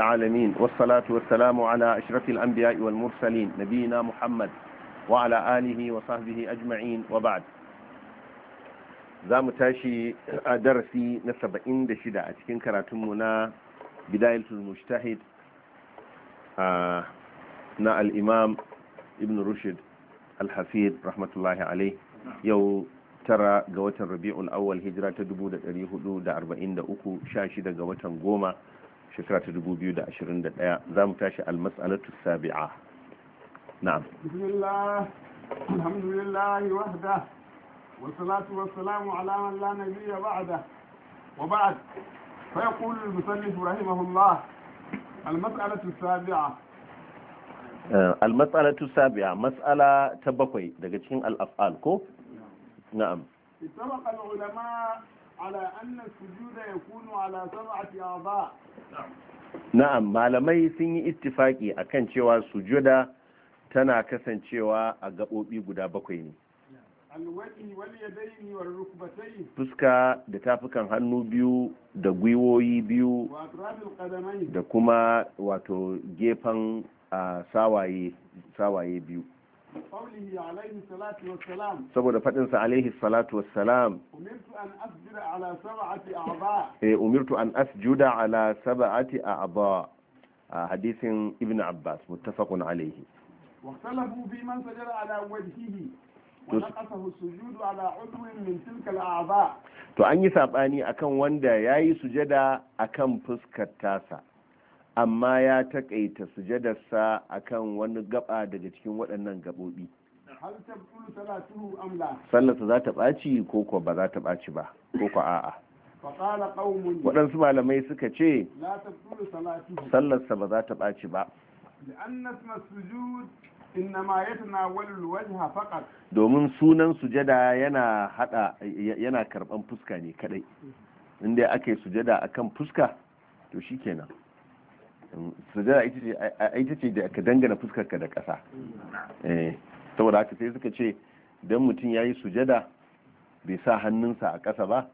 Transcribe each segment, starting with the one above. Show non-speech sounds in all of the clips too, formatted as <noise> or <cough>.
العالمين والصلاة والسلام على أشرف الأنبياء والمرسلين نبينا محمد وعلى آله وصحبه أجمعين wabad. za mu tashi a darasi na saba'in da shida a cikin karatunmu na bidayatul mujtahid na al'imam ibn rushd al-hafid rahmatullahi alai yau tara ga watan rabi'un awwal hijira ta da da uku sha shida ga watan goma shekara ta 2021 za mu tashi almas'alatu sabi'a na'am bismillah alhamdulillah wahda wassalatu wassalamu ala man la nabiyya ba'da wa ba'd fa yaqulu al-musannif rahimahullah almas'alatu sabi'a eh, almas'alatu sabi'a mas'ala ta bakwai daga cikin al-af'al ko na'am ittafaqa al-ulama على أن السجود يكون على سبعة أعضاء na'am malamai sun yi ittifaki akan cewa sujuda tana kasancewa a gaɓoɓi guda bakwai ne fuska da tafukan hannu biyu da gwiwoyi biyu da kuma wato gefen sawaye biyu saboda faɗinsa alaihi salatu wassalam umirtu an asjuda ala saba'ati a aba a hadisin ibn abbas muttafaqun alaihi to an yi saɓani akan wanda ya yi sujada akan fuskar tasa amma ya takaita sujadarsa akan wani gaba daga cikin waɗannan gabobi sallarsa za ta ɓaci ko ko ba za ta ɓaci ba ko ko a'a waɗansu malamai suka ce sallarsa ba za ta ɓaci ba domin sunan sujada yana hada yana karban fuska ne kadai inda aka yi sujada akan fuska to shikenan sujada ita ce da ka dangana fuskarka da ƙasa eh, saboda haka sai suka ce don mutum ya yi sujada bai sa hannunsa a ƙasa ba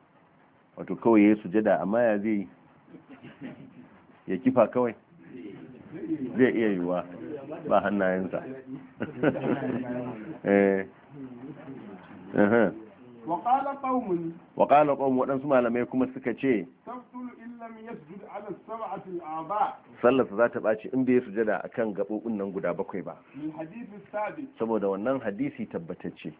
wato kawai ya yi sujada amma ya zai ya kifa kawai zai iya yiwuwa ba hannayensa <laughs> eh, eh, wa ƙala ƙon waɗansu malamai kuma suka ce sallarsa za ta baci in bai sujada akan kan gaɓoɓin nan guda bakwai ba saboda wannan hadisi tabbatacce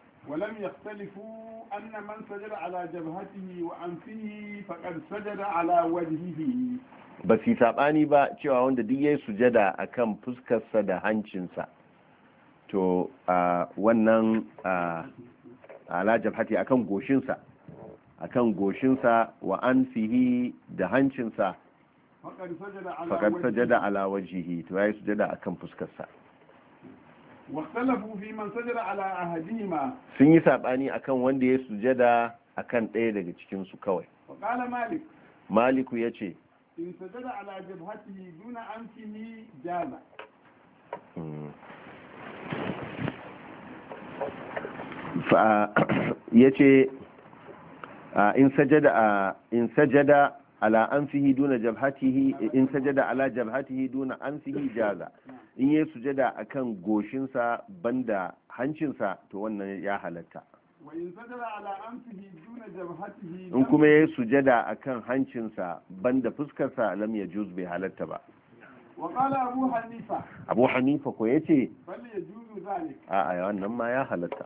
ba su saɓani ba cewa wanda duk ya yi sujada a kan fuskarsa da hancinsa to wannan ala jabhati akan goshinsa akan goshinsa wa anfihi da hancinsa faqad sajada ala wajhihi to yayi sujada akan fuskarsa واختلفوا في من سجد على أحدهما sun yi sabani akan wanda ya sujada akan ɗaya daga cikin su kawai وقال مالك مالك yace in sajada ala jabhatihi duna anfihi jaza hmm. <clears throat> ya ce in sajada ala anfihi duna jabhatihi in sajada ala jabhatihi duna anfihi jaza in yi sujada akan goshinsa banda hancinsa to wannan ya halatta in kuma ya sujada akan hancinsa banda fuskarsa lam juz bai halatta ba abu hanifa ko ya ce a a'a wannan ma ya halatta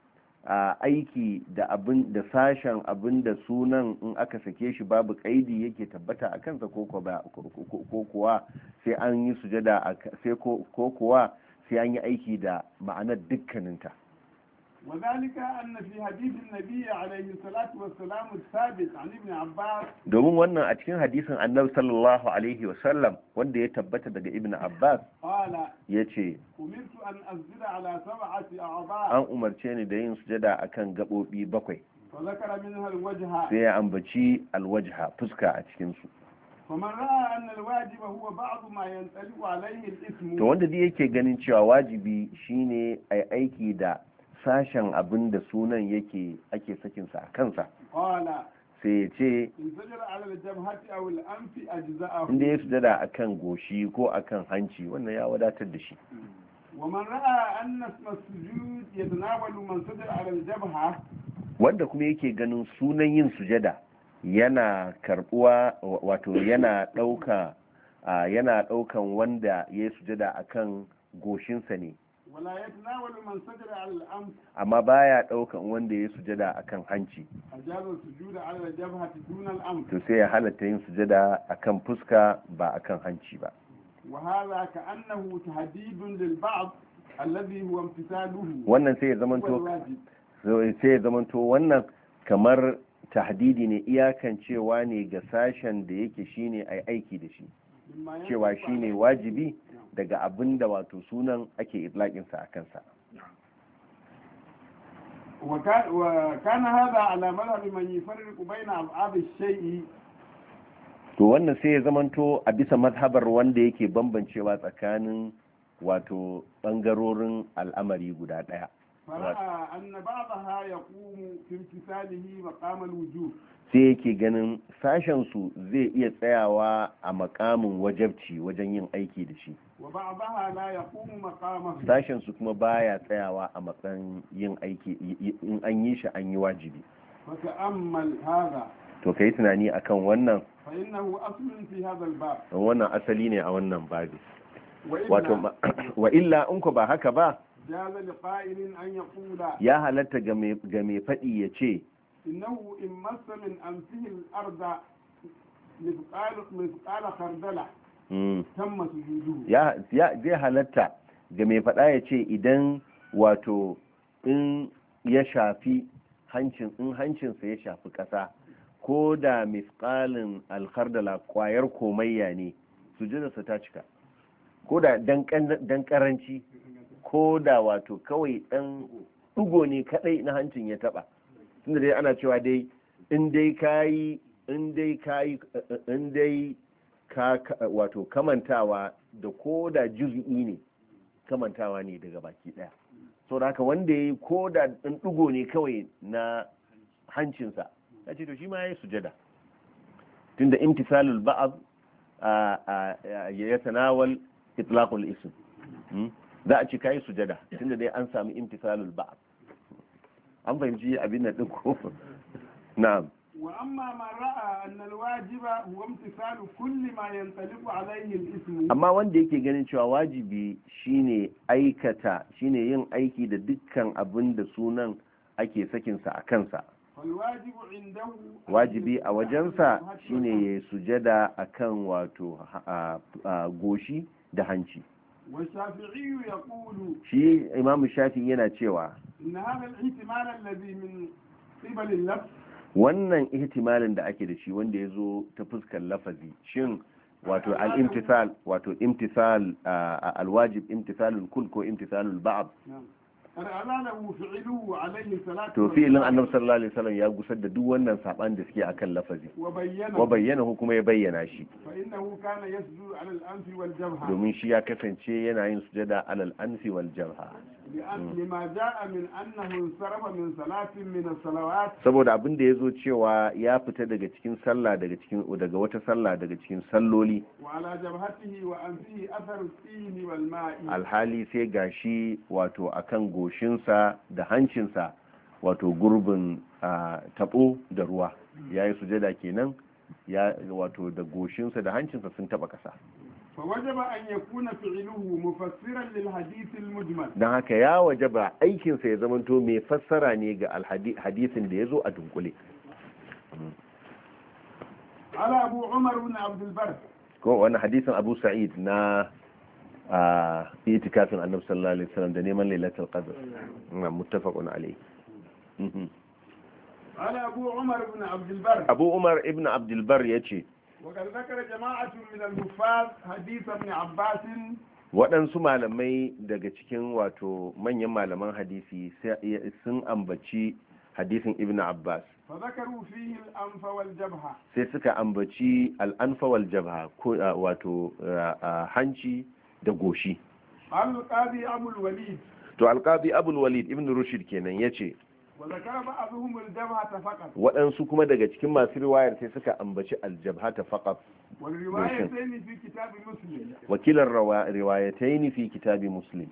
aiki da abin da sashen abin da sunan in aka sake shi babu kaidi yake tabbata a kansa ko kuwa sai an yi sujada sai ko kuwa sai an yi aiki da ma'anar dukkaninta Wazalika annabi, في حديث النبي عليه الصلاه والسلام الثابت عن ابن عباس wannan a cikin hadisin annabi sallallahu alaihi wanda ya tabbata daga ibnu abbas qala yace umirtu an azdira ala sab'ati a'da an umarce ni da yin sujada akan gabobi bakwai zakara min hal wajha sai an bace al fuska a cikin su kuma ra'a annal wajibi huwa ba'd ma yantsabi alaihi al to wanda da yake ganin cewa wajibi shine ai aiki da sashen abin da sunan yake ake sakinsa a kansa sai ya ce inda ya sujada a kan goshi ko a kan hanci wannan ya wadatar da shi wanda kuma yake ganin sunan yin sujada yana karbuwa wato yana ɗauka yana ɗaukan wanda ya sujada a kan goshinsa ne amma baya daukan wanda ya sujada akan hanci to sai ya halatta yin sujada akan fuska ba akan hanci ba wannan sai ya zamanto sai ya zamanto wannan kamar tahdidi ne iyakan cewa ne ga sashen da yake shine ai aiki da shi cewa shi ne wajibi daga abin da wato sunan ake idlaƙinsa a kansa وكان هذا على مذهب من يفرق بين أبعاد الشيء to wannan sai ya zamanto a bisa mazhabar wanda yake bambancewa tsakanin wato bangarorin al'amari guda daya sai yake ganin sashensu zai iya tsayawa a makamin wajabci wajen yin aiki da shi sashensu kuma baya tsayawa a matsayin yin aiki in an yi shi an yi wajibi to ka yi tunani a kan wannan wannan asali ne a wannan babi wato <clears throat> wa illa in ku ba haka ba ya halatta ga mai faɗi ya ce إنه إن مس من أنفه الأرض مثقال مثقال خردلة تم سجوده يا يا زي halatta ga mai faɗa ya ce idan wato in hancin in hancinsa ya shafi ƙasa ko da misƙalin alkhardala ƙwayar komayya ne su sujudarsa ta cika ko da dan karanci ko da wato kawai dan ɗugo ne kaɗai na hancin ya taɓa tunda dai ana cewa dai in dai kayi in kayi in dai ka wato kamantawa da ko da juz'i ne kamantawa ne daga baki daya so da haka wanda yayi ko da in digo ne kawai na hancinsa ya ce to shi ma yayi sujada tunda imtisalul ba'd ya tanawal itlaqul ism hmm? za a ci kayi sujada tunda dai an samu imtisalul ba'd an fahimci abin da ɗin ko na'am وأما wanda yake ganin cewa wajibi shine aikata shine yin aiki da dukkan abin da sunan ake sakin sa a kansa wajibi a wajensa shine ya sujada akan wato goshi da hanci shi imamu shafi yana cewa wannan ihtimalin da ake da shi wanda ya zo ta fuskar lafazi shin wato al-imtisal wato imtisal al-wajib imtisalul kul ko imtisalul ba'd to fi'ilin annabi sallallahu alaihi wasallam ya gusar da duk wannan saban da suke akan lafazi wa bayyana ko kuma ya bayyana shi domin shi ya kasance yana yin sujada alal ansi wal jabha lima annahu sarafa min salatin saboda abin da zo cewa ya fita daga cikin sallah daga cikin daga wata sallah daga cikin salloli wa alhali sai gashi wato akan goshinsa da hancinsa wato gurbin tabo da ruwa yayi sujada kenan ya wato da goshinsa da hancinsa sun taba kasa فوجب أن يكون فعله مفسرا للحديث المجمل dan haka ya wajaba aikin sa ya zamanto mai fassara ne ga hadisin da yazo a dunkule ala abu umar ibn abd albar ko wannan hadisin abu sa'id na a itikafin annabi sallallahu alaihi wasallam da neman lailatul qadr muttafaqun alayhi mhm. ala abu umar ibn abd albar abu umar ibn abd albar yace وقد ذكر جماعة من الحفاظ حديث ابن عباس waɗansu malamai daga cikin wato manyan malaman hadisi sun ambaci hadisin ibn abbas sai suka ambaci al'anfa wal jabha wato hanci da goshi to alƙadi abul walid ibn rushid kenan ya ce waɗansu kuma daga cikin masu riwayar sai suka ambaci aljabha ta faƙaf wakilar ne fi kitabi muslim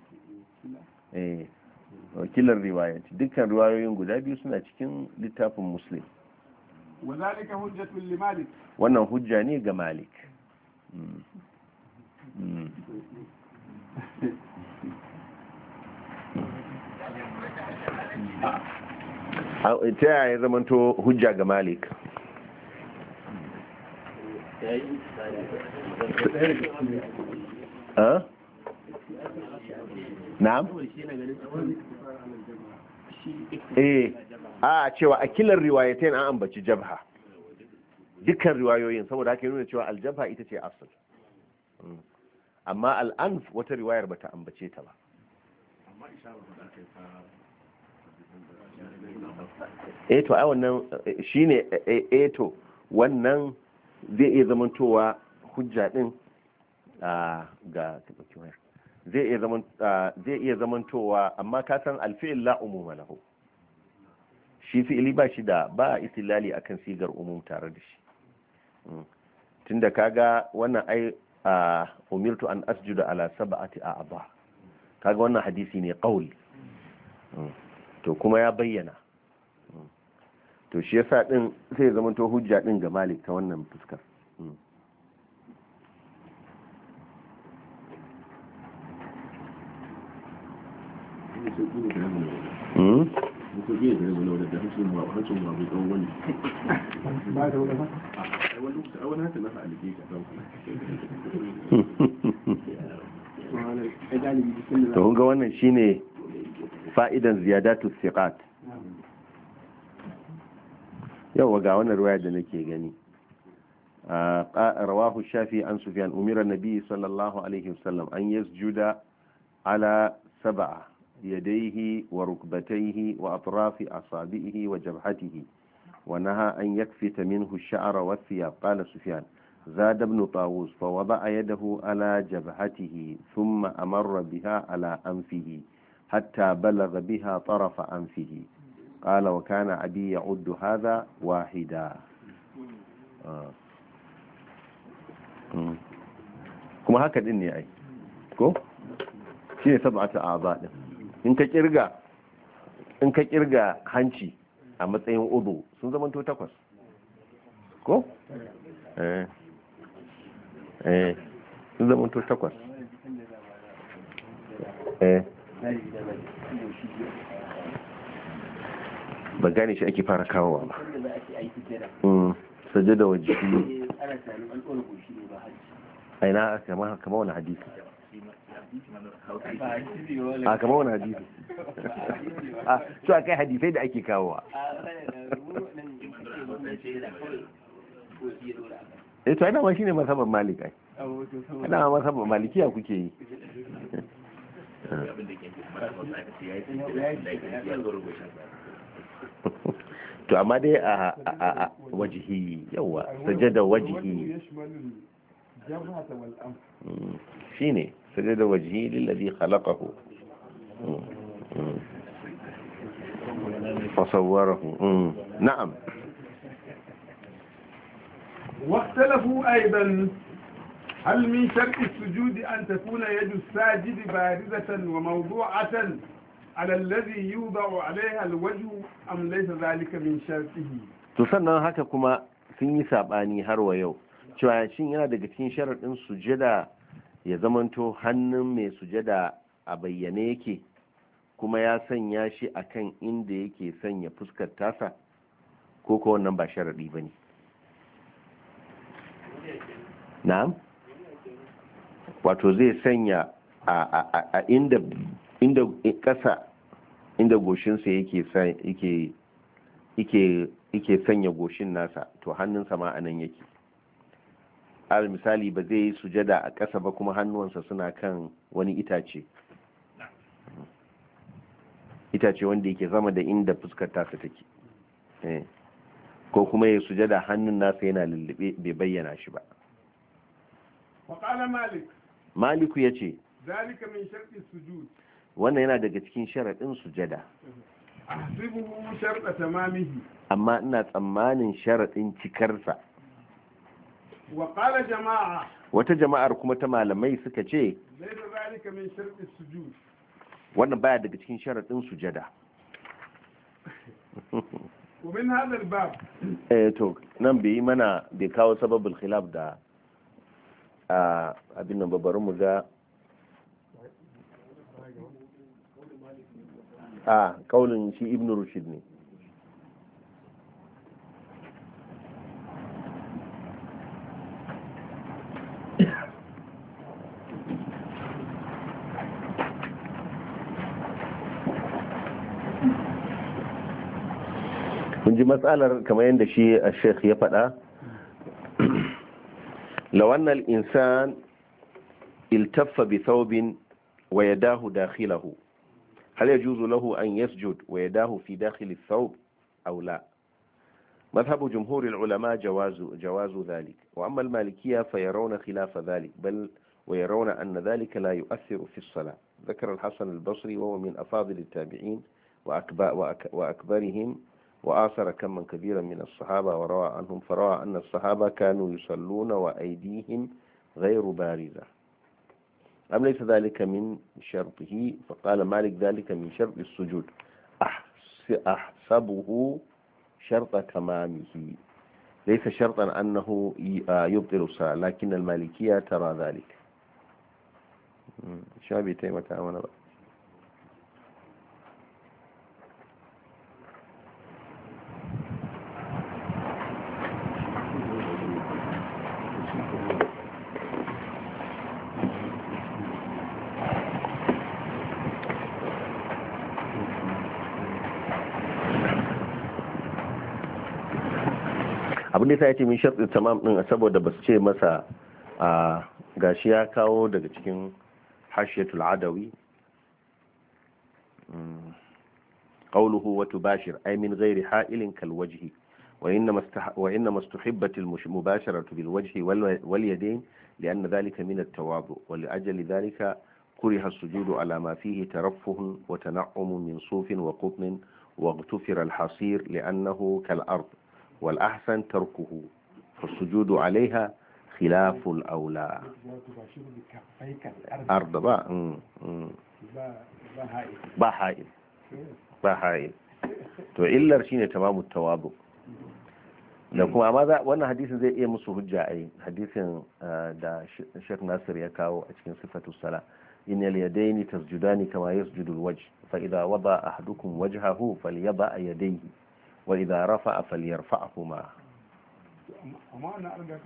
wakilar riwayatai dukkan riwayoyin guda biyu suna cikin littafin muslim wannan hujja ne ga malik ta yaya zamanto hujja ga malik na'am eh, a cewa a killar riwayatain an ambaci jabha dukkan riwayoyin saboda haka nuna cewa aljabha ita ce asal hmm. amma al'anf wata riwayar bata ambace ta ba eto eh to wannan eh, shine eh, eh to wannan zai iya zamantowa hujja din ah, ga zai iya ah, zai iya zamantowa amma ka san alfi'il la umuma lahu shi fi'ili ba shi da ba a istilali akan sigar umum tare da shi mm. tunda kaga wannan ai a ah, umirtu an asjuda ala sab'ati a'ba kaga wannan hadisi ne kawai mm. to kuma ya bayyana to shi yasa din sai zama to hujja din ga malik ta wannan fuskar hmm. Hmm? <laughs> to ga wannan shine fa'idan ziyadatu siqat yau ga wannan ruwaya da nake gani rawahu shafi an sufyan umira nabi sallallahu alaihi wasallam an yasjuda ala sab'a yadayhi wa rukbatayhi wa atrafi asabihi wa jabhatihi ونهى أن يكفت منه الشعر والثياب قال سفيان زاد ابن طاووس فوضع يده على جبهته ثم أمر بها على أنفه حتى بلغ بها طرف أنفه Ƙala wa kana abi ya'uddu hadha wahida ah. hmm. kuma haka din ne ai ko shi ne sab'atu a'za din in ka kirga in ka kirga hanci a matsayin udu sun zamanto takwas ko eh eh sun zamanto takwas eh ba gane shi ake fara kawowa ba mm, sajada wa jiki eh, aina kama wani hadisi a kama wani hadisi <laughs> a su a kai hadisai da ake kawowa e eh, to ina ma shine masaban malik ina ma malikiya kuke yi <laughs> abin to amma dai a wajihi yawa sajada wajihi shine sajada wajihi lillazi khalaqahu فصوره نعم واختلفوا أيضا هل من شرط السجود أن تكون يد الساجد بارزة وموضوعة على الذي يوضع عليها الوجه to sannan haka kuma sun yi sabani har wa yau cewa shin yana daga cikin sharaɗin sujada ya zamanto hannun mai sujada a bayyane yake kuma ya sanya shi akan inda yake sanya fuskar tasa ko ko wannan ba ba ne na'am wato zai sanya a inda ƙasa inda goshinsa yake yake yake yake sanya goshin nasa to hannunsa ma anan yake al misali ba zai yi sujada a ƙasa ba kuma hannuwansa suna kan wani itace itace wanda yake zama da inda fuskar tasa take eh. ko kuma ya sujada hannun nasa yana lullube bai bayyana shi ba maliku ya ce min sharɗi sujud wannan yana daga cikin sharaɗin sujada amma ina tsammanin sharaɗin cikarsa wata jama'ar kuma ta malamai suka ce wannan baya daga cikin sharaɗin sujada <laughs> eh to nan bai yi mana bai kawo sababul khilaf da ah, abin nan babarin mu ga a kaulin shi ibn rushid ne kun ji matsalar kamar yadda shi a sheikh ya faɗa lawannan insan iltaffa bi thawbin wa yadahu dakhilahu هل يجوز له أن يسجد ويداه في داخل الثوب أو لا مذهب جمهور العلماء جواز, جواز ذلك وأما المالكية فيرون خلاف ذلك بل ويرون أن ذلك لا يؤثر في الصلاة ذكر الحسن البصري وهو من أفاضل التابعين وأكبا وأكبرهم وآثر كما كبيرا من الصحابة وروى عنهم فروى أن الصحابة كانوا يصلون وأيديهم غير بارزة أم ليس ذلك من شرطه فقال مالك ذلك من شرط السجود أحسبه شرط تمامه ليس شرطا أنه آه، يبطل الصلاة لكن المالكية ترى ذلك شابي تيمة أمنا بقى abin da ya ce min sharɗi tamam din saboda su ce masa a gashi ya kawo daga cikin hashiyatul adawi mm. qawluhu wa tubashir ay min ghairi ha'ilin kal wajhi wa inna mastuhibbatil mubasharatu bil wajhi wal yadayn لأن ذلك من التواضع ولأجل alama كره السجود على ما فيه ترفه وتنعم من صوف وقطن واغتفر الحصير لأنه كالأرض wal ahsan tarkuhu sujudu alaiha khilaful aula arda to illar shine tamamu tawabu da kuma amma wannan hadisin zai iya musu hujja ai hadisin da Sheikh Nasir ya kawo a cikin sifatu sala innal yadaini tasjudani kama yasjudu alwajh fa idha wada ahadukum wajhahu a yadayhi wa idza rafa'a falyarfa'huma amma na arga a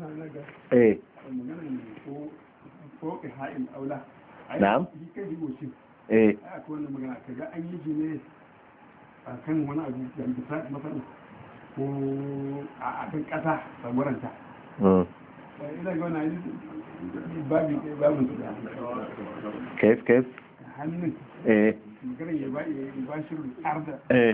kan wani kaif kaif hannun eh ya ba shi arda eh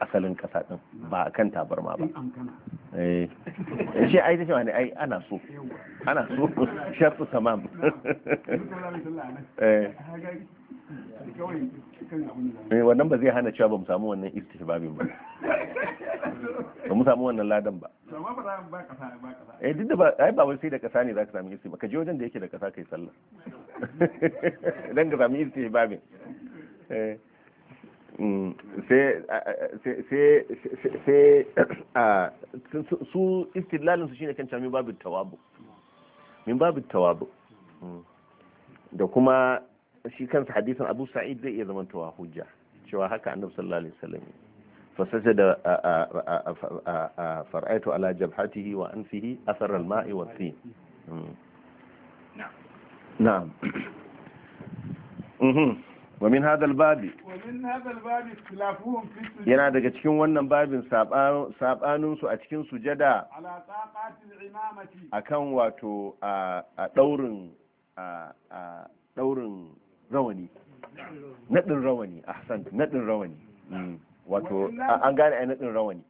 asalin kasa din ba a kan tabarma ba eh. eh shi ai tace wani ai ana so ana so <laughs> shafu tamam eh. eh wannan ba zai hana cewa ba mu samu wannan istihbabin ba ba mu samu wannan ladan ba eh duk da ba ai ba wai sai da kasa ne zaka samu ba, ka je wajen da yake da kasa kai sallah <laughs> dan ka samu istihbabin eh sai eh, eh, ah, su shi ne kan cami babu tawabu min babu tawabu mm. da kuma shi kansa hadisin abu sa'id zai iya zamantawa hujja cewa haka annabi sallallahu alaihi wasallam fasaje da far'aitu ala jabhatihi wa anfihi athar al-ma'i wa sin mm. na'am <coughs> mm-hmm. ومن هذا الباب ومن هذا الباب اختلافهم في السجود yana daga cikin wannan babin sabanin su a cikin sujada ala al imamati akan wato a daurin a daurin rawani nadin rawani ahsan nadin rawani hmm, wato an gane ai nadin rawani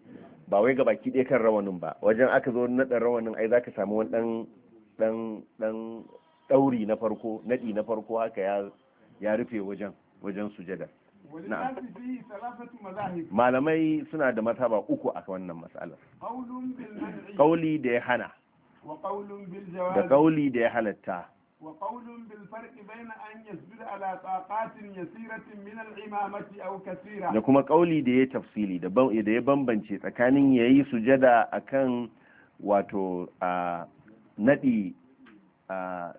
ba wai gabaki ɗaya kan rawanin ba wajen aka zo nadin rawanin ai zaka samu wani dan dan dan dauri na farko nadi na farko haka ya ya rufe wajen wajen sujada malamai suna da mataba uku a wannan matsalar kauli da ya hana da kauli da ya halatta وقول بالفرق بين أن يسجد على طاقات يسيرة من الإمامة أو كثيرة da kuma kauli da ya tafsili da ya bambance tsakanin yayi sujada akan wato a nadi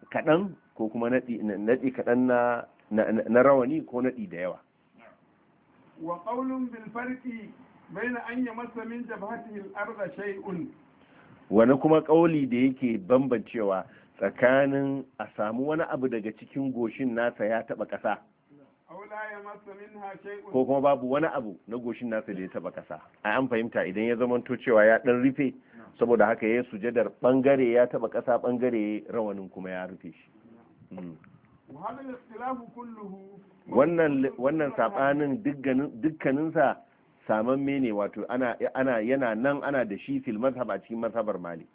kadan ko kuma nadi nadi na na rawani ko naɗi da yawa wa qawlun bil bai na an masa min jabhatihi al shay'un wani kuma ƙauli da yake bambancewa tsakanin a samu wani abu daga cikin goshin nasa ya taɓa ƙasa ko kuma babu wani abu na goshin nasa da ya taɓa ƙasa a an fahimta idan ya zama to cewa ya ɗan rufe saboda haka ya sujadar ɓangare ya taɓa ƙasa ɓangare rawanin kuma ya rufe shi hmm. wannan saɓanin dukkaninsa saman ne wato ana yana nan ana da shi fil mazhab a cikin mazhabar malik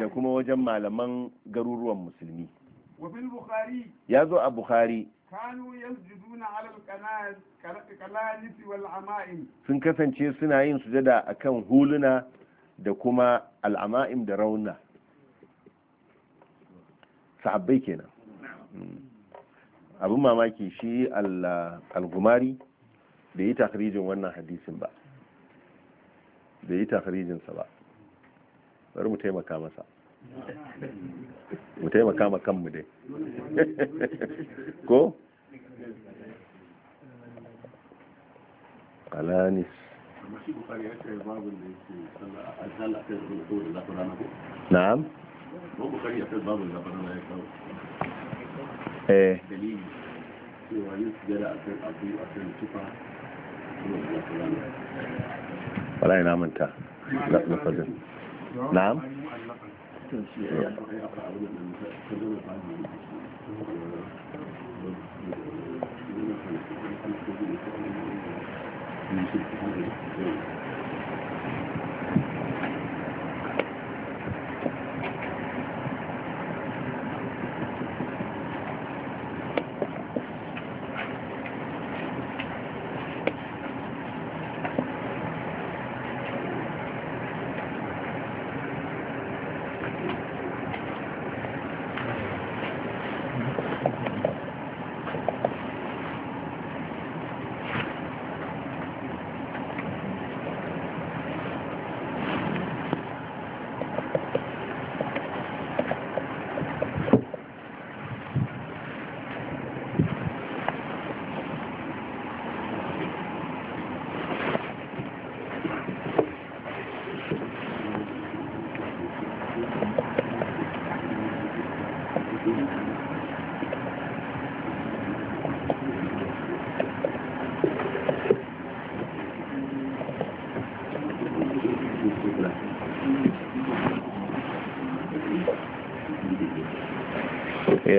da kuma wajen malaman garuruwan musulmi ya zo a bukhari sun kasance suna yin sujada akan huluna da kuma al'ama'im da rauna sahabbai kenan hmm. abin mamaki shi al-gumari da yi takarijin wannan hadisin ba da yi takarijinsa ba bari mu taimaka masa mu taimaka ma kanmu dai <laughs> ko alanis na'am ko bukari na manta na fadin na'am Thank you.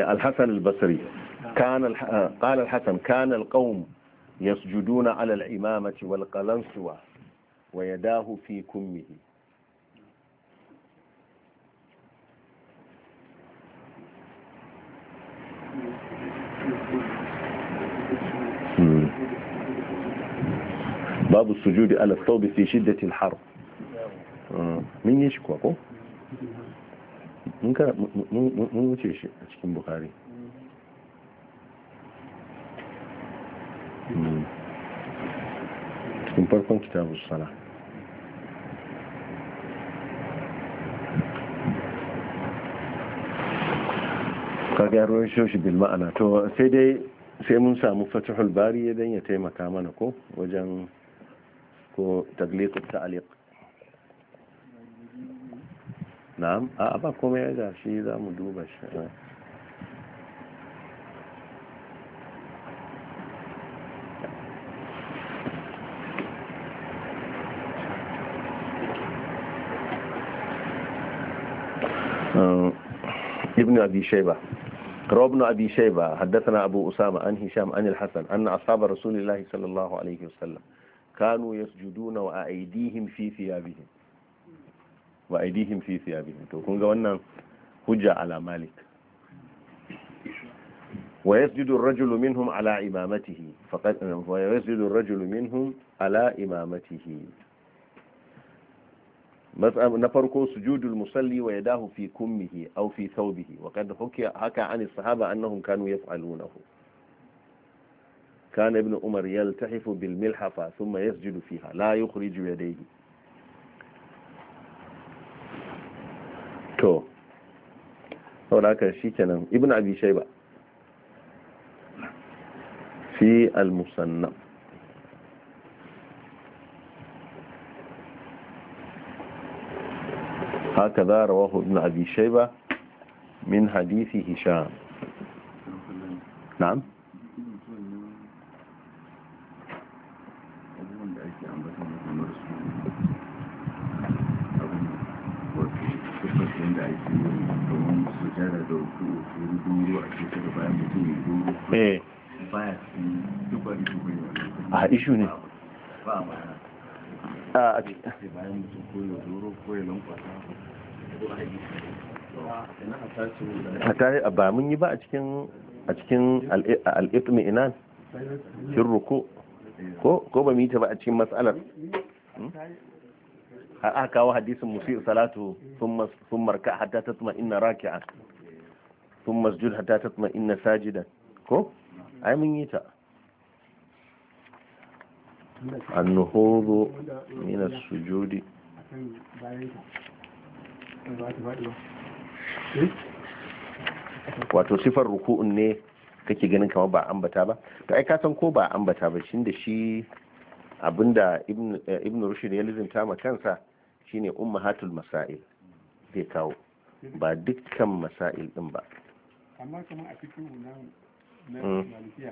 الحسن البصري كان آه، قال الحسن كان القوم يسجدون على العمامة والقلنسوة ويداه في كمه باب السجود على الثوب في شدة الحر من يشكوكو؟ mun wuce shi a cikin bukari hmm. cikin farkon kitabu sana gyaro ruwan shoshi bil ma'ana to sai dai sai mun samu fatihul bari ya ya taimaka mana ko wajen ko taglikul ta'liq na'am a ba komai ga shi za mu duba shi ابن أبي شيبة روى ابن أبي شيبة حدثنا أبو أسامة عن هشام عن الحسن أن أصحاب رسول الله صلى الله عليه وسلم كانوا يسجدون وأيديهم في ثيابهم وأيديهم في ثيابهم تكون قولنا هجة على مالك ويسجد الرجل منهم على إمامته فقد ويسجد الرجل منهم على إمامته نفركو سجود المصلي ويداه في كمه أو في ثوبه وقد حكي حكى عن الصحابة أنهم كانوا يفعلونه كان ابن عمر يلتحف بالملحفة ثم يسجد فيها لا يخرج يديه to sauraka shi kenan ibn abi shaiba fi al-musannaf هكذا رواه ابن أبي شيبة من حديث هشام نعم ishu ne a cikin a ba mun yi ba a cikin a cikin al'itmi inan cin ruku ko ba mu yi ta ba a cikin matsalar hmm? a kawo hadisin musu salatu sun marka hatta ta tuma ina raki'a sun masjid hatta ta tuma ina sajidan ko ai mun yi ta annuhudu min sujudi wato sifar ruku'un ne kake ganin kamar ba ambata ba to ai ka san ko ba ambata ba shi da shi abinda ibn rushd ya lizinta ma kansa shine ummahatul masail zai kawo ba dukkan masail din ba amma kamar a cikin na malikiya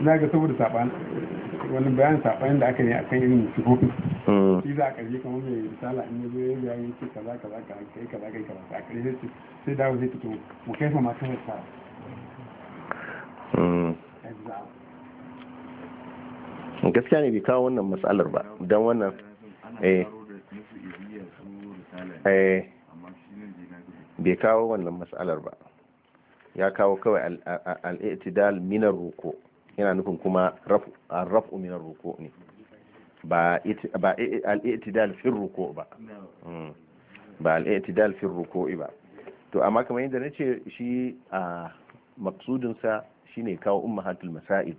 na ga saboda saɓan wani bayan saɓan da aka yi a kan irin sifofin hmm. shi za a ƙarshe kamar mai misala in yazo ya biya yake kaza kaza kaza kai kaza kai kaza a ƙarshe sai dawo zai fito mu kai ma kan sa gaskiya ne bai kawo wannan matsalar ba don wannan eh, eh. bai kawo wannan matsalar ba ya kawo kawai al'itidal minar ruko yana nufin kuma raf'u min ruku ne ba al'itidal fin ruku ba hmm. ba al'itidal fin ruku ba to amma kamar yadda na ce shi a shine kawo ummahatul masail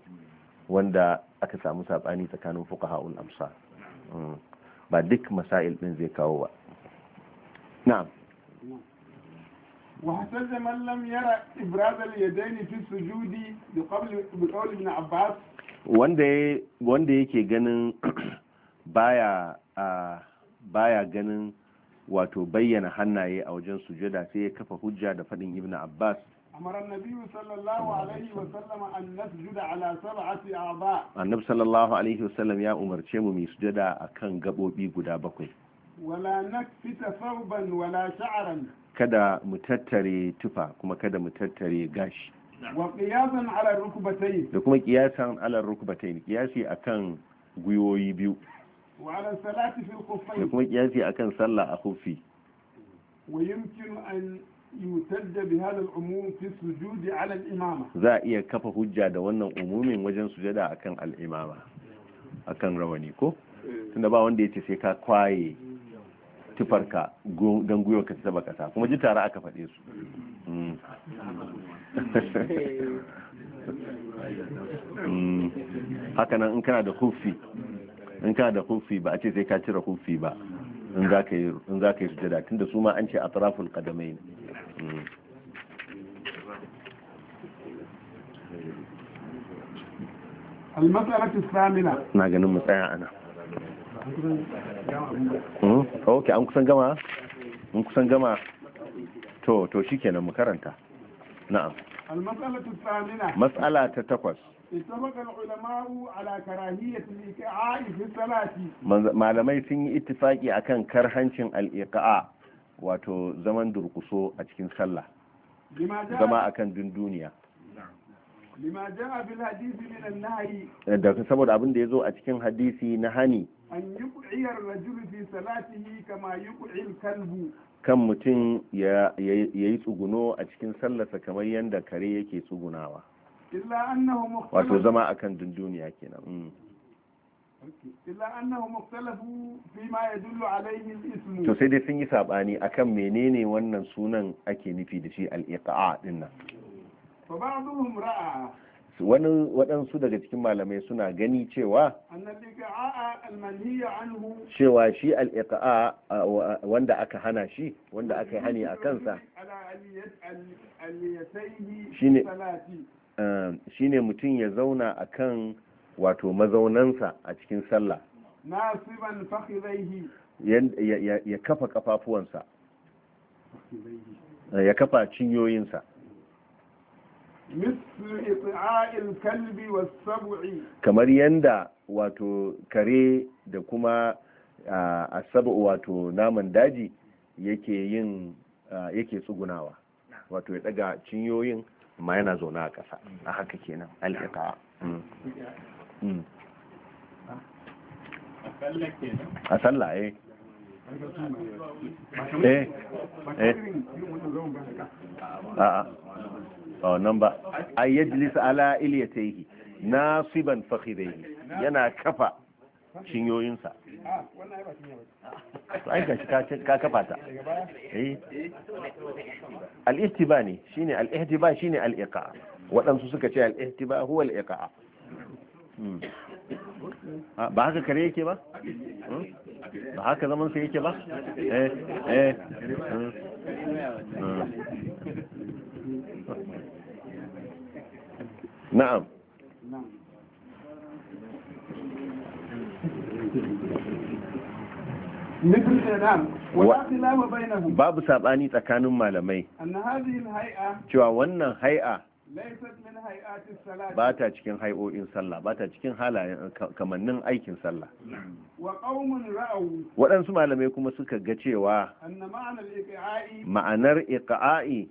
wanda aka samu sabani tsakanin fuqaha'ul amsa hmm. ba duk masail din zai kawo ba na'am واحتج من لم يرى إبراز اليدين في السجود بقول بقول ابن عباس wanda wanda yake ganin <clears throat> baya بايا ganin wato bayyana hannaye a wajen sujada sai ya kafa hujja da faɗin ibn abbas amara annabi sallallahu alaihi ala annabi alaihi ya umarce mu mai sujada a kan gabobi guda bakwai wala nakfita sauban wala sha'aran kada mu tattare tufa kuma kada mu tattare gashi wa qiyasan ala rukbatayn da kuma qiyasan ala rukbatayn qiyasi akan gwiwoyi biyu wa ala salati fil khuffayn da kuma qiyasi akan sallah a khuffi wa yumkinu an yutadda bi hadha al-umum fi sujudi ala al-imama za iya kafa hujja da wannan umumin wajen sujada akan al-imama akan rawani ko eh. tunda ba wanda yace sai ka kwaye tufarka don gwiwa ka saba kasa kuma ji tare aka faɗe su mm. mm. hakanan in kana da kufi in kana da kufi ba a ce sai ka cire kufi ba in za ka yi sujada tun da su ma an ce atraful qadamai ne المسألة الثامنة. ما قلنا مسألة أنا. Hmm? ok an kusan gama an kusan gama to to shikenan mu karanta na'am mas'ala ta takwas اتفق العلماء على كراهية الإيقاع في الصلاة malamai sun yi ittifaki akan karhancin al wato zaman durkuso a cikin sallah zama akan dunduniya lima jaa bil hadisi min an-nahi eh, saboda abin da yazo a cikin hadisi na hani an yi ƙuɗiyar rajul fi salatihi kama yi ƙuɗin kalbu kan mutum ya yi tsuguno a cikin sallarsa kamar yadda kare yake tsugunawa wato zama a kan dunduniya kenan illa annahu mukhtalafu fi ma yadullu alayhi al-ism to sai dai sun yi sabani akan menene wannan sunan ake nufi da shi al-iqa' din nan fa ba'dhum ra'a wani waɗansu daga cikin malamai suna gani cewa cewa shi al'iƙa'a wanda aka hana shi wanda aka yi hani a kansa shi ne eh, mutum ya zauna a kan wato mazaunansa a cikin sallah ya kafa kafafuwansa eh, ya kafa cinyoyinsa kamar yanda wato kare da kuma a saba wato naman daji yake yin yake tsugunawa wato ya daga cinyoyin ma yana zaune a ƙasa a haka kenan alƙaƙa mm. mm. a sallah eh eh eh a'a ba wannan ba ay yajlis ala ilyatayhi nasiban fakhidayhi yana kafa cinyoyinsa ai ga shi ka kafa ta eh. al-ihtiba ne shine al-ihtiba shine al-iqa waɗansu suka ce al-ihtiba huwa al-iqa hmm. ah, ba haka kare yake ba hmm? ba haka zaman sai yake ba eh eh hmm. na'am babu saɓani tsakanin malamai cewa wannan hai'a ba ta cikin hai'o'in sallah ba ta cikin halayen kamannin aikin sallah waɗansu malamai kuma suka ga cewa ma'anar iqa'i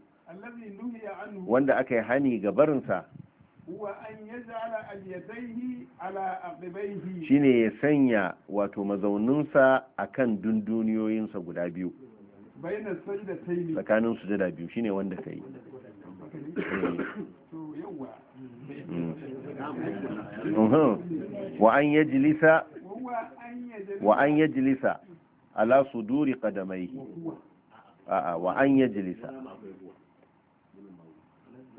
wanda aka yi hani ga barinsa Shi ne ya sanya wato mazauninsa a kan dunduniyoyinsa guda biyu tsakanin jada biyu shine wanda ka yi eh. wa an yi jilisa. ala su duri a'a wa an jilisa.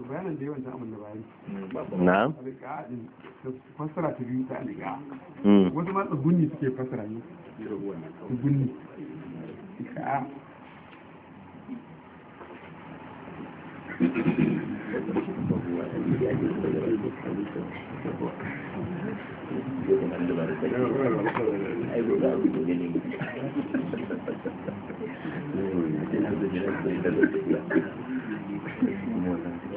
to bayanan da yawan ta'amun da bayani na'am fassara ta biyu ta aliga hmm. wata ma tsugunni suke fassara ne tsugunni Thank <laughs> you.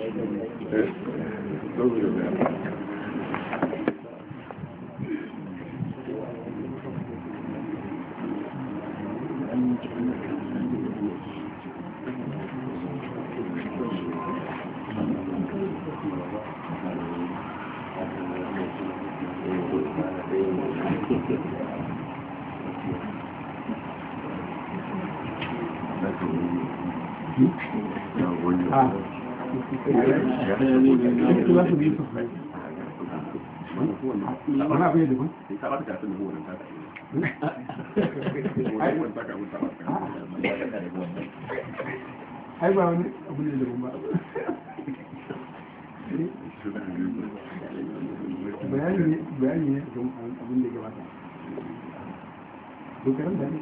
Thank you. ai ba wani abu ne da ba bayani ne bayani ne don abin da gabata dokaran da ne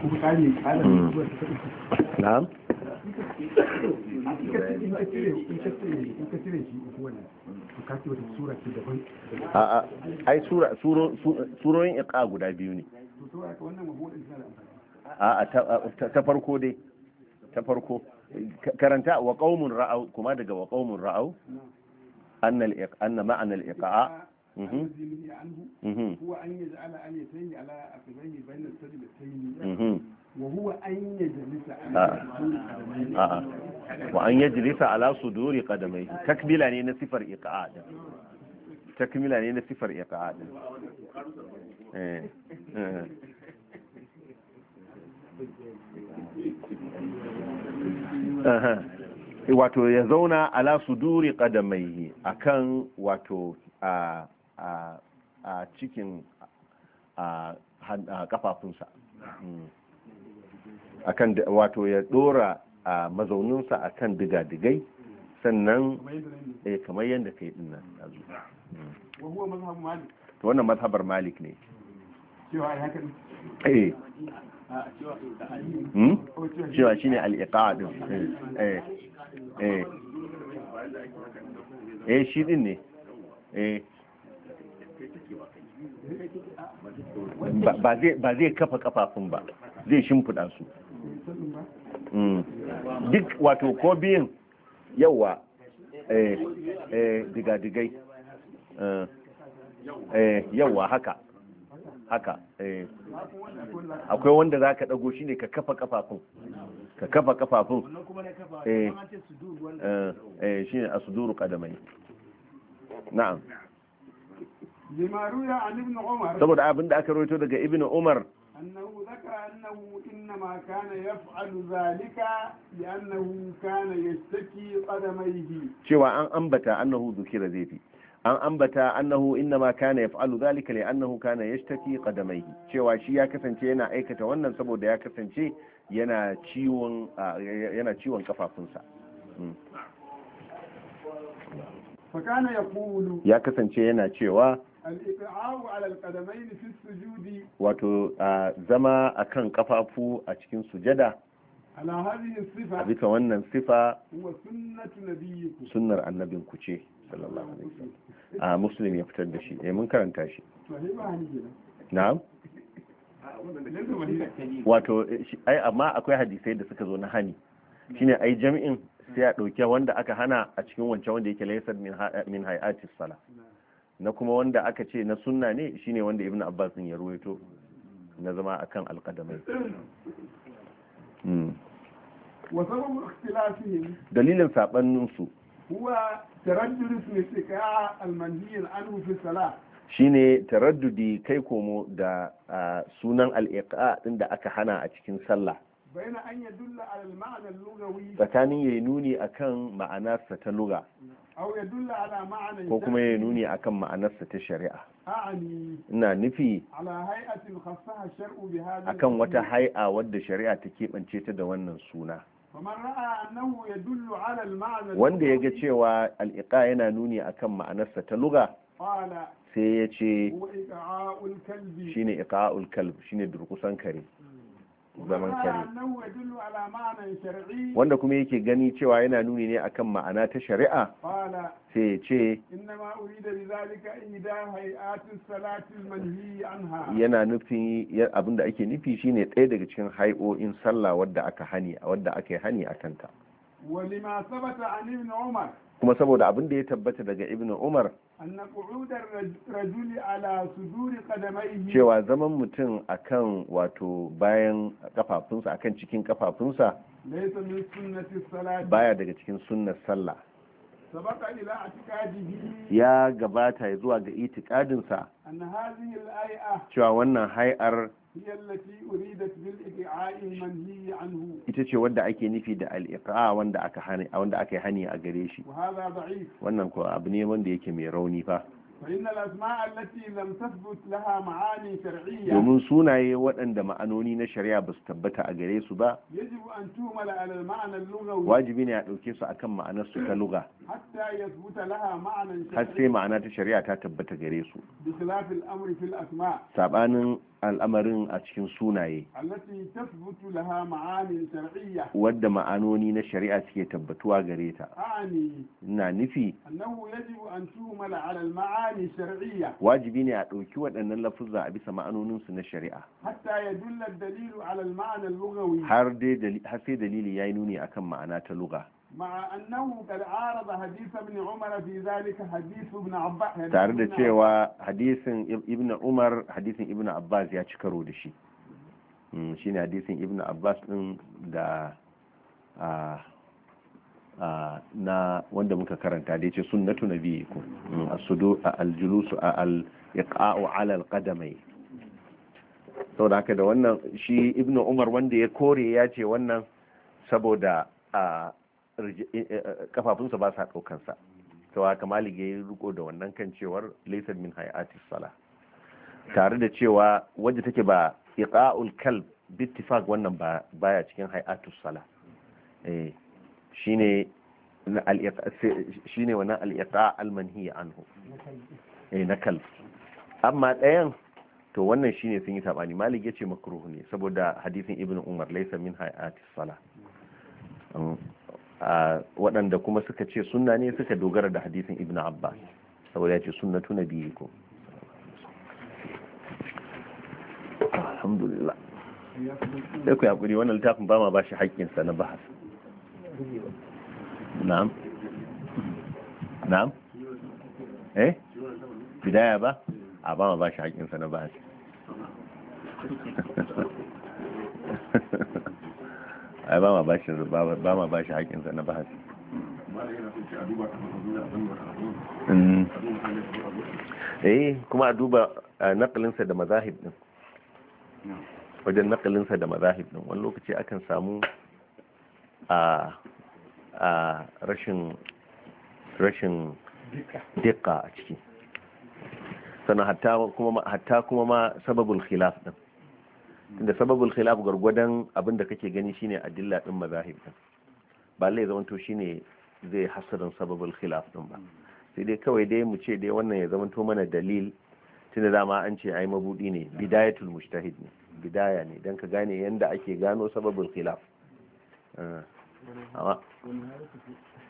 kuma kare kala da na'am a'a ai surorin iqa guda biyu ne a'a ta farko dai ta farko karanta wa qaumun ra'au kuma daga wa qaumun ra'au anna al mhm. mhm. anna wa an yajlisa ala suduri kadamai takmila ne na sifar iqa'a takmila ne na sifar iqa'a eh. Eh. eh wato ya zauna ala su kadamai a akan wato a cikin a kafafunsa hmm. akan wato ya dora a mazauninsa a kan digadigai sannan ya eh, kamar yadda ka yi dina hmm. a to wannan mazhabar malik ne cewa eh. hmm? shi ne iqa din eh, eh shi din ne ba zai kafa kafafun ba zai shimfiɗa su Mm. duk wato ko biyun yawa eh, eh, digadigai eh, yawa haka haka akwai wanda za ka ɗago shi ne ka kafa kafafun ka kafa kafafun shi ne a suduru kadamai na'am saboda abin da aka rawaito daga ibn umar أنه ذكر أنه إنما كان يفعل ذلك لأنه كان يشتكي قدميه شوى أن أنبت أنه ذكر ذيتي an ambata annahu innama kana yaf'alu dhalika li'annahu kana yashtaki qadamaihi cewa shi ya kasance yana aikata wannan saboda ya kasance yana ciwon kafafunsa ya kasance yana cewa wato zama a kan kafafu a cikin sujada a bisa wannan sifa sunnar annabin ku ce a muslim ya fitar da shi ya eh, mun karanta shi na'am wato ai amma akwai hadisai da suka zo na hani shine ai jami'in sai a ɗauki wanda aka hana a cikin wancan wanda yake laisar min hay'atis sala na kuma wanda aka ce na sunna ne shine wanda ibn abbas ya ruwaito na zama akan alqadamai hmm. dalilin sabanin su huwa taraddud istiqa al-manhi anhu fi salah shine taraddudi kai komo da ah, sunan al-iqa din da aka hana a cikin sallah tsakanin ya yi nuni a kan ma'anarsa ta luga ko kuma ya yi nuni a kan ma'anarsa ta shari'a ina nufi akan wata hai'a wadda shari'a ta keɓance ta da wannan suna wanda ya ga cewa al'iƙa yana nuni a kan ma'anarsa ta luga sai ya ce shine iqa'ul kalb shine durkusan kare zaman kare wanda kuma yake gani cewa yana nuni ne akan ma'ana ta shari'a sai ya ce yana nufin abinda ake nufi shine ɗaya daga cikin hai'o'in sallah wadda aka hani wadda aka yi hani a kanta kuma saboda abin da ya tabbata daga ibn umar cewa zaman mutum akan wato bayan kafafunsa akan cikin kafafunsa baya daga cikin sunnar sallah ya gabata ya zuwa ga itikadinsa cewa wannan hai'ar ita ce wadda ake nufi da al'iqa wanda aka yi hani a gare shi wannan kuwa abu ne wanda yake mai rauni fa domin sunaye waɗanda ma'anoni na shari'a ba su tabbata a gare su ba wajibi ne a ɗauke su akan ma'anar su ta luga har sai ma'ana ta shari'a ta tabbata gare su saɓanin al'amarin a cikin sunaye wadda ma'anoni na shari'a suke tabbatuwa gare ta na nufi wajibi ne a ɗauki waɗannan lafuzza a bisa ma'anoninsu na shari'a har sai dalili ya yi nuni akan ma'ana ta luga مع أنه قد عارض حديث ابن عمر في ذلك حديث ابن عباس تعرض cewa hadisin ibn Umar hadisin ibn Abbas ya ci karo da shi ne hadisin ibn Abbas din da na wanda muka karanta da yace sunnatu nabiyikum as-sudu al-julusu al-iqa'u 'ala al saboda haka da wannan shi ibn Umar wanda ya kore ya ce wannan saboda Eh, eh, eh, kafafunsa ba sa ɗaukansa sau haka malik ya yi riko da wannan kan cewar laisar min hayati sala tare da cewa wadda take ba iqa'ul kalb bittifaq wannan ba baya cikin hayati sala shine na wannan al-iqa al-manhi anhu eh na kalb amma ɗayan to wannan shine sun yi sabani malik yace makruh ne saboda hadisin ibnu umar laisa min hayati sala mm. waɗanda kuma suka ce sunna ne suka dogara da hadisin ibn abbas saboda ya ce biyu ko alhamdulillah sai ku ƙuri wannan littafin ba ma ba shi haƙƙinsa na bahas na'am na'am eh bidaya ba a ba ma ba shi haƙƙinsa na bahas <laughs> ai ba ma bashi ba ma bashi haƙƙinsa na bahasi mm. eh kuma a duba naqlinsa da mazahib din wajen naqlinsa da mazahib din wani lokaci akan samu a a rashin rashin dika a ciki sannan hatta kuma ma sababul khilaf din tunda sababul khilaf gargwadan abin da kake gani shine adilla din mazahib din ba lai zamanto shine zai hasarin sababul khilaf din ba sai dai kawai dai mu ce dai wannan ya zamanto mana dalil tunda dama an ce ai mabudi ne bidayatul mujtahid ne bidaya ne dan ka gane yanda ake gano sababul khilaf ah.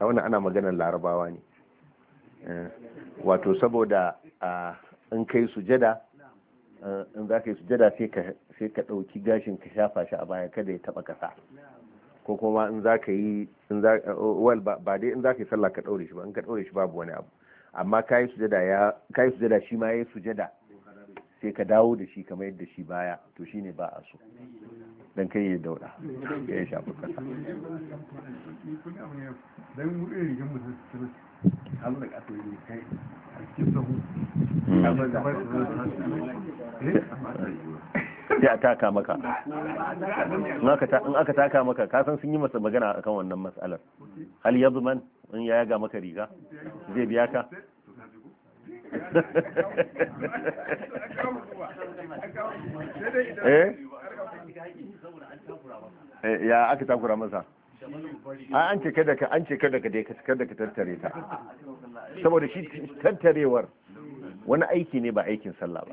ta wannan ana maganar larabawa ne eh, wato saboda in kai sujada eh, in za ka yi sujada sai ka ɗauki gashin ka shafa shi a baya kada ya taɓa ƙasa ko kuma in za ka yi wal ba dai in za ka yi sallah ka ɗaure shi ba in ka ɗaure shi babu wani abu amma ka yi sujada shi ma ya yi sujada sai ka dawo da shi kamar yadda shi baya to shine ba a so don kai ya dauda ya yi shafi kasa ya taka maka in aka taka maka kasan sun yi masa magana akan wannan matsalar hal yadda man in ya yaga maka riga zai biya ka Eh, ya aka takura masa an ce kada ka an ce kada ka dai kada ka tattare ta saboda shi tattarewar wani aiki ne ba aikin sallah ba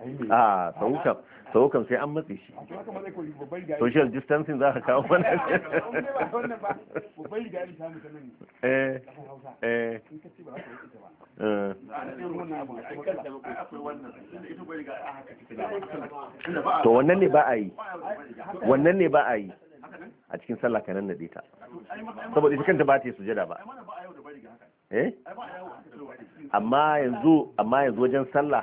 a ah, saukan saukan sai an matse shi social distancing za ka kawo mana <laughs> eh to wannan ne ba a yi wannan ne ba a yi a cikin sallah kanan na ta saboda ita kanta ba ta yi sujada ba eh amma yanzu amma yanzu wajen sallah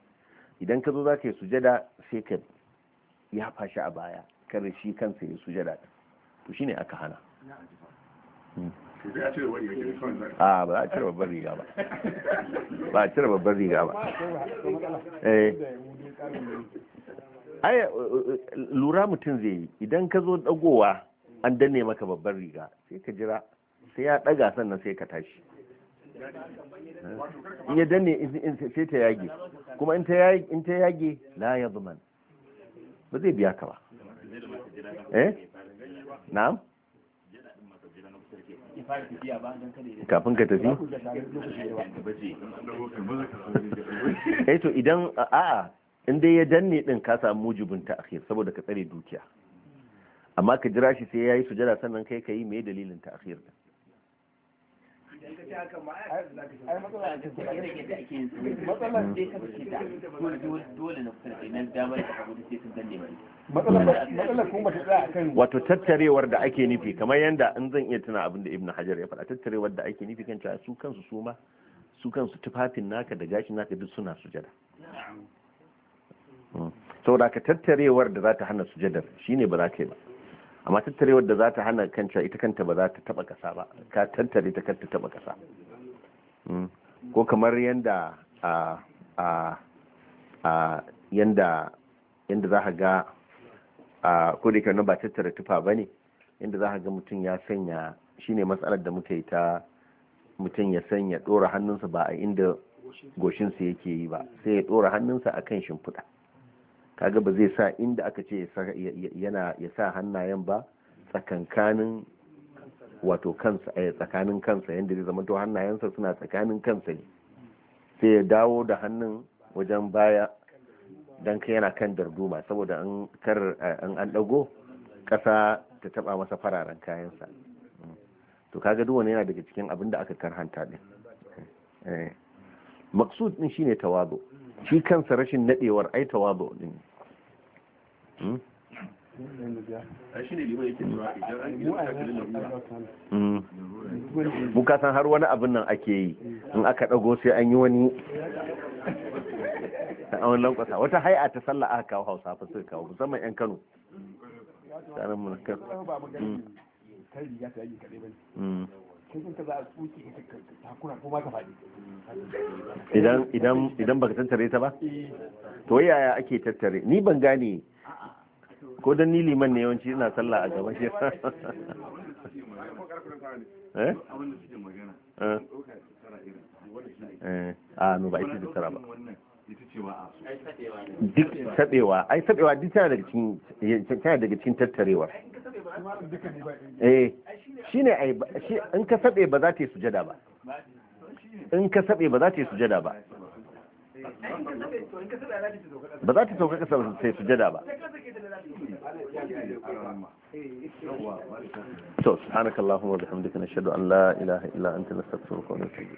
idan ka zo za ka yi sujada sai ka ya fashi a baya kare shi kansa ya sujada to shine aka hana a ba a cire babbar riga ba ba a cire babbar riga ba eh. ai eh, eh, lura mutum zai yi idan ka zo dagowa an danne maka babbar riga sai ka jira sai ya daga sannan sai ka tashi in ya danne in sai ta yage kuma in ta yage la ya zuman ba zai biya ka ba eh na'am kafin ka tafi eh to idan a'a in dai ya danne din ka samu mujibin ta akhir saboda ka tsare dukiya amma ka jira shi sai yayi sujada sannan kai ka yi me dalilin ta akhir din matsalar da wato tattarewar da ake nufi kamar yadda in zan iya tuna abin da ibn hajar ya faɗa tattarewar da ake nufi kan cewa su kansu su ma su kansu tufafin naka da gashin naka duk suna sujada hmm. saboda ka tattarewar da za ta hana sujadar shine ba za ka yi ba amma tattarewar da za ta hana kanta ita kanta ba za ta taba kasa ba ka tattare ta kanta taba kasa hmm. ko kamar yanda a a a yanda yanda za ka ga a ko da ba tattara tufa ba ne yanda za ka ga mutum ya sanya shine matsalar da muka yi ta mutum ya sanya dora hannunsa ba a inda goshinsa yake yi ba sai ya dora hannunsa kan shimfiɗa kaga ba zai sa inda aka ce yana ya sa hannayen ba tsakankanin wato kansa a eh, tsakanin kansa yadda zai zama to hannayensa suna tsakanin kansa ne sai ya dawo da hannun wajen baya don kai yana kan darduma saboda an kar eh, an dago ƙasa ta taba masa fararen kayansa to kaga duk wani yana daga cikin abin da aka karhanta din eh, maksud din shine tawazu shi kansa rashin nadewar ai tawazu din muka mm. san har wani abin nan ake yi in aka dago sai an yi wani awon lankwasa wata hai'a ta tsalla aka kawo hausa fa suka kawo musamman yan kano tsarin mulkar mm. mm. idan baka tattare ta ba eh. to yaya ake tattare ni ban gane ko dan ni liman ne yawanci ina sallah a gaban shi <laughs> eh, eh. a ah, no ba ita da tara ba duk sabewa ai sabewa duk tana daga cikin tana daga cikin tattarewa eh shine ai in ka sabe ba za ta yi sujada ba in ka sabe ba za ta yi sujada ba ba za ta sauka kasa ba sai sujada ba to subhanakallahumma wa bihamdika nashhadu an la ilaha illa anta nastaghfiruka wa natubu